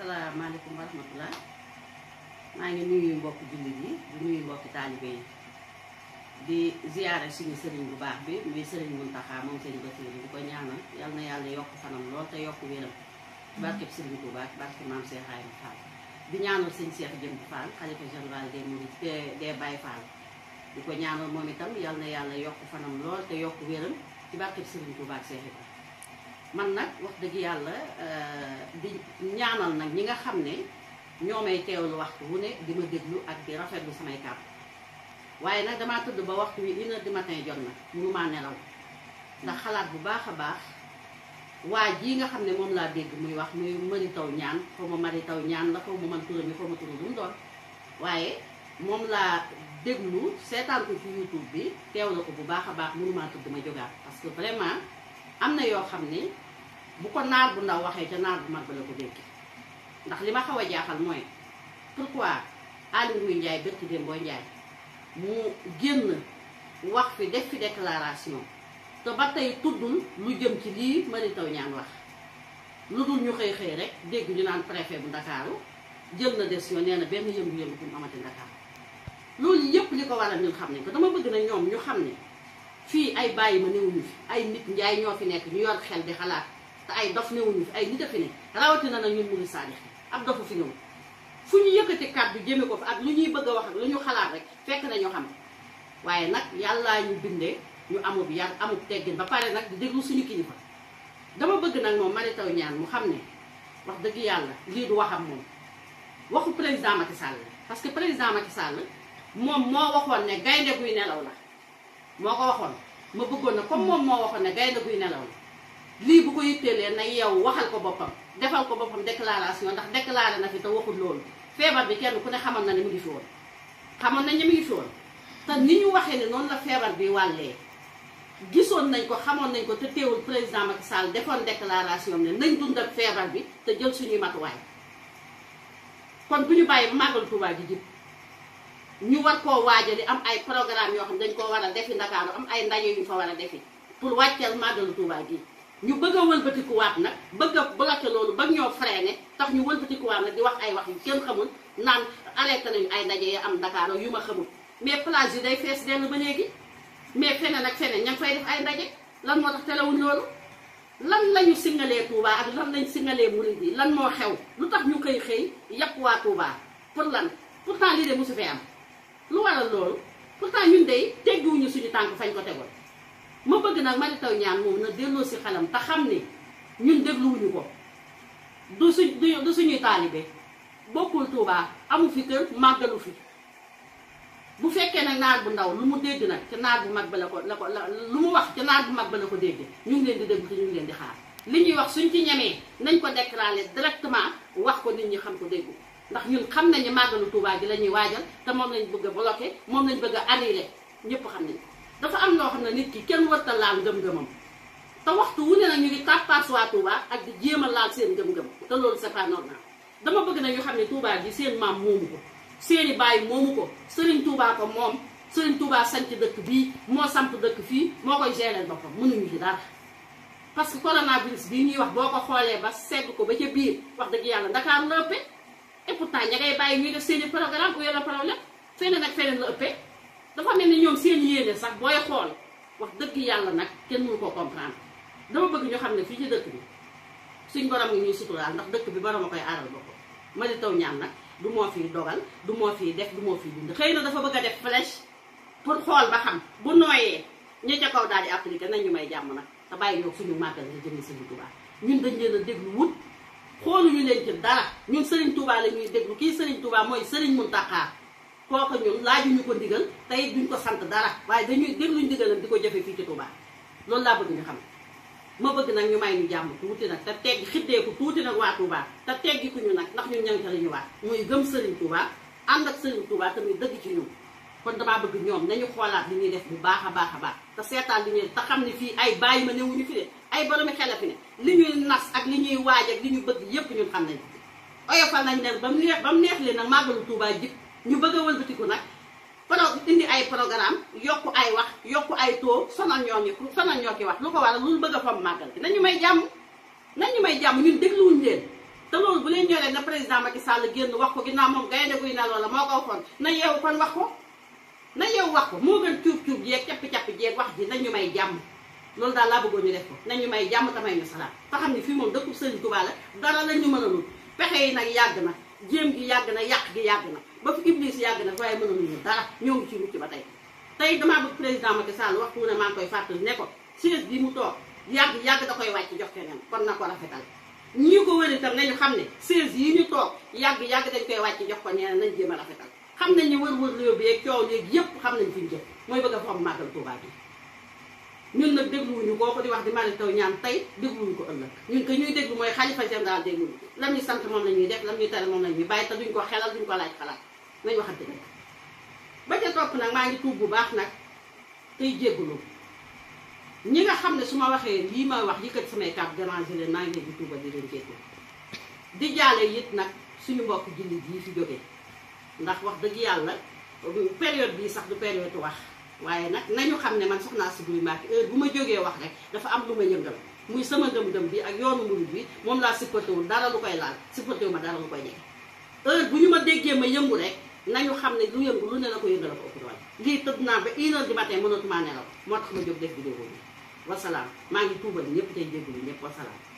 salaamaaleykum wa rahmatulah maa ngi nuyu mbokk jullit yi di nuyu mbokki taalibe yi di ziyaare suñu sëriñ bu baax bi muy sëriñ Muntaxa moom sëriñ Basiru di ko ñaanal yal na yàlla yokk fanam lool te yokk wéram barkeb sëriñ bu baax di ñaanal sëñ Cheikh Jëmb Fall ko ñaanal moom itam yal na yàlla yokk fanam lool te yokk wéram ci barkeb sëriñ bu baax Cheikh Ibrahima man nag wax dëgg yàlla euh, di ñaanal nag ñi nga xam ne ñoo may teewlu waxtu wu ne di ma déglu ak di rafetlu samay kàddu waaye nag damaa tudd ba waxtu wi une di du matin jot na mënumaa nelaw ndax xalaat bu baax a baax waa jii nga xam ne moom laa dégg muy wax muy mari taw ñaan xaw ma mari taw ñaan la xaw ma man turam yi xaw ma turam lu doon waaye moom laa déglu seetaan ko ci YouTube bi teewlu ko bu baax a baax mënumaa tudd ma jógaat parce que am na yoo xam ne bu ko naar bu ndaw waxee ca naar bu mag ba la ko déggee ndax li ma xaw a jaaxal mooy pourquoi Aly Ngouille Ndiaye bërki dém boo Ndiaye mu génn wax fi def fi déclaration te ba tey tuddul lu jëm ci lii ma Mary taw Niane wax lu dul ñu xëy xëy rek dégg ñu naan préfet bu Ndakaaru jël na décision nee na benn yëngu-yëngu bu mu amati Ndakaaru loolu yépp li ko waral ñun xam ne ko dama bëgg na ñoom ñu xam ne fii ay bàyyi ma newuñu fi ay nit njaay ñoo fi nekk ñu yor xel di xalaat te ay dof newuñu fi ay nit a fi ne rawatina na ñun munu saadix ab dofu fi ñëw fu ñu yëkkati kàddu jëme ko fi ak lu ñuy bëgg a wax ak lu ñu xalaat rek fekk na nañu xam ne waaye nag yàlla ñu bindee ñu amub yar amub teggin ba pare nag di déglu suñu kilifa dama bëgg nag moom Mary Teuw ñaan mu xam ne wax dëgg yàlla lii du waxam moom waxu président Macky Sall parce que président Macky Sall moom moo waxoon ne gaynde guy nelaw la moo ko waxoon ma bëggoon na comme moom moo waxoon ne gaynde guy nelaw la lii bu ko yitteelee na yow waxal ko boppam defal ko boppam déclaration ndax déclaré na fi te waxul loolu feebar bi kenn ku ne xamoon na ne mu ngi fi woon xamoon nañ ne mu ngi woon te ni ñu waxee ne noonu la feebar bi wàllee gisoon nañ ko xamoon nañ ko te teewul président Macky Sall defoon déclaration ne nañ dund ak feebar bi te jël suñuy matuwaay kon bu ñu bàyyi màggal Tuubaa ji jib ñu war koo waajali am ay programme yoo xam dañ koo war a defi Ndakaaru am ay ndaje yu ñu fa war a defi pour wàcceel màggalu Tuubaa gi ñu bëgg a wëlbatikuwaat nag bëgg a bloqué loolu ba ñoo freiné tax ñu wëlbatikuwaat nag di wax ay wax yu kenn xamul naan arrêté nañu ay ndaje yi am Ndakaaru yu ma xamul mais plage yi day fees dell ba léegi mais feneen ak feneen ña fay def ay ndaje lan moo tax terewuñ loolu lan lañu singalee Touba ak lan lañ singalee murid yi lan moo xew lu tax ñu koy xëy yàpp waa Touba pour lan pourtant lii de mosu fee am waral loolu pourtant ñun day teggiwuñu suñu tànk fañ ko tegoon ma bëgg nag Mary Teuw Niane moom na delloo si xelam te xam ni ñun dégluwuñu ko du suñu du suñuy taalibe bokkul Tuubaa amu fi kër màggalu fi bu fekkee nag naar bu ndaw lu mu dégg nag ci naar bu mag ba la ko la ko la lu mu wax ci naar bu mag ba la ko dégg ñu leen di dégg ci ñu leen di xaar li ñuy wax suñ ci ñemee nañ ko déclaré directement wax ko nit ñi xam ko dégg ndax ñun xam nañu màggalu Touba tuubaa ji lañuy waajal te moom lañ bëgg a bloqué moom lañ bëgg a annulé ñëpp xam nañ dafa am loo xam ne nit ki kenn warta laal gëm-gëmam te waxtu wu ne nag ñu ngi tàppaas waa Touba ak di jéem laal seen gëm-gëm te loolu c'est pas dama bëgg na ñu xam ne Touba gi seen maam moomu ko seeni bàyyi moomu ko Serigne Touba ko moom Serigne Touba sanc dëkk bii moo samp dëkk fii moo koy gérer boppam mënuñu ci dara parce que coronavirus bii ñuy wax boo ko xoolee ba segg ko ba ca biir wax dëgg yàlla Ndakaaru la et pourtant ña ngay bàyyi ñuy def seen i programme ku yore problème feneen ak feneen la ëppee dafa mel ni sax booy xool wax dëgg yàlla nag kenn mënu koo comprendre dama bëgg ñu xam ne fii ci dëkk bi suñ borom ngi ñuy suturaal ndax dëkk bi borom a koy aaral boppam Mary Teuw Niane nag du moo fiy dogal du moo fiy def moo fiy bind xëy na dafa bëgg a def flèche pour xool ba xam bu nooyee ñi ca kaw daal di appliqué nañ ñu may jàmm nag te bàyyi ñoo suñu màggal di jënd seen i tubaab ñun dañ leen a déglu wut yu leen ci dara ñun Serigne Touba la ñuy déglu kii Serigne Touba mooy Serigne Mountakha kooka ñun ñu ko ndigal tey duñ ko sant dara waaye dañuy dégluñ ndigalam di ko jafe fii ci Touba loolu laa bëgg nga xam ma bëgg nag ñu may ñu jàmm tuuti nag te teggi xiddeeku tuuti nag waa Touba te teggi ku ñu nag ndax ñun ñaŋ ca la ñu waat muy gëm Serigne Touba ànd ak Serigne Touba tamit dëgg ci ñun. kon damaa bëgg ñoom nañu xoolaat li ñuy def bu baax a baax a baax te seetaan li ñuy te xam ne fii ay bàyyi ma newuñu fi de ay boromi xel fi ne li ñuy nas ak li ñuy waaj ak li ñu bëgg yëpp ñun xam nañu oyofal nañ leen ba mu neex ba mu neex leen nag màggalu Tuubaa ñu bëgg a wëlbatiku nag pro indi ay programme yokku ay wax yokku ay taux sonal ñoo ñu sonal ñoo ki wax lu ko waral loolu bëgg a fam màggal gi nañu may jàmm nañu may jàmm ñun dégluwuñ leen te loolu bu leen ñoree na président Macky Sall génn wax ko naa moom gaynde guy na la moo ko waxoon na yeewu kon wax ko na yow wax ko moo gën cuub cuub jeeg capp-capp jeeg wax ji nañu may jàmm loolu daal laa bëggoon ñu def ko nañu may jàmm tamay ñu salaat te xam ne fii moom dëkkub Sëriñ Tuubaa la dara lañu mënalul pexe yi nag yàgg na jéem gi yàgg na yàq gi yàgg na ba fi iblis yàgg na waaye mënaluñu dara ñoo ngi ci mucc ba tey tey damaa bëgg président Macky Sall wax mu ne maa ngi koy fàttali ne ko siège bi mu toog yàgg yàgg da koy wàcc jox keneen kon na ko rafetal ñi ko wër itam nañu xam ne siège yi ñu toog yàgg yàgg dañ koy wàcc jox ko nee nañ jéem a rafetal xam nañ ñi wër-wër réew bi yeeg coow léegi yépp xam nañ fi mu jëm mooy bëgg a fomm màggal Tuubaa bi ñun nag dégluwuñu kooku di wax di Malick Taw ñaan tey dégluwuñu ko ëllëg ñun ko ñuy déglu mooy xalifa général dégluñu lan ñu sant moom la ñuy def lan ñuy tere moom la ñuy bàyyi te duñ ko xelal duñ ko laaj xalaat nañ waxante dëgg ba ca topp nag maa ngi tuub bu baax nag tey jéggulu ñi nga xam ne su ma waxee lii ma wax yëkkati samay kàddu déranger leen maa ngi leen di tuubal di nag suñu mbokk jullit yi fi jógee ndax wax dëgg yàlla période bii sax du période wax waaye nag nañu xam ne man soxnaa si Guy Mbacké heure bu ma jógee wax rek dafa am lu ma yëngal muy sama ngëm-ngëm bi ak yoonu murid bi moom laa supportéwul dara lu koy laal supportéwu ma dara lu koy nekk heure bu ñu ma déggee ma yëngu rek nañu xam ne lu yëngu lu ne la ko yëngal ko ëpp lii tëdd naa ba une heure du matin mënatumaa nelaw moo tax ma jóg def vidéo bi wasalaam maa ngi tuubal ñëpp tey jégalu ñëpp wasalaam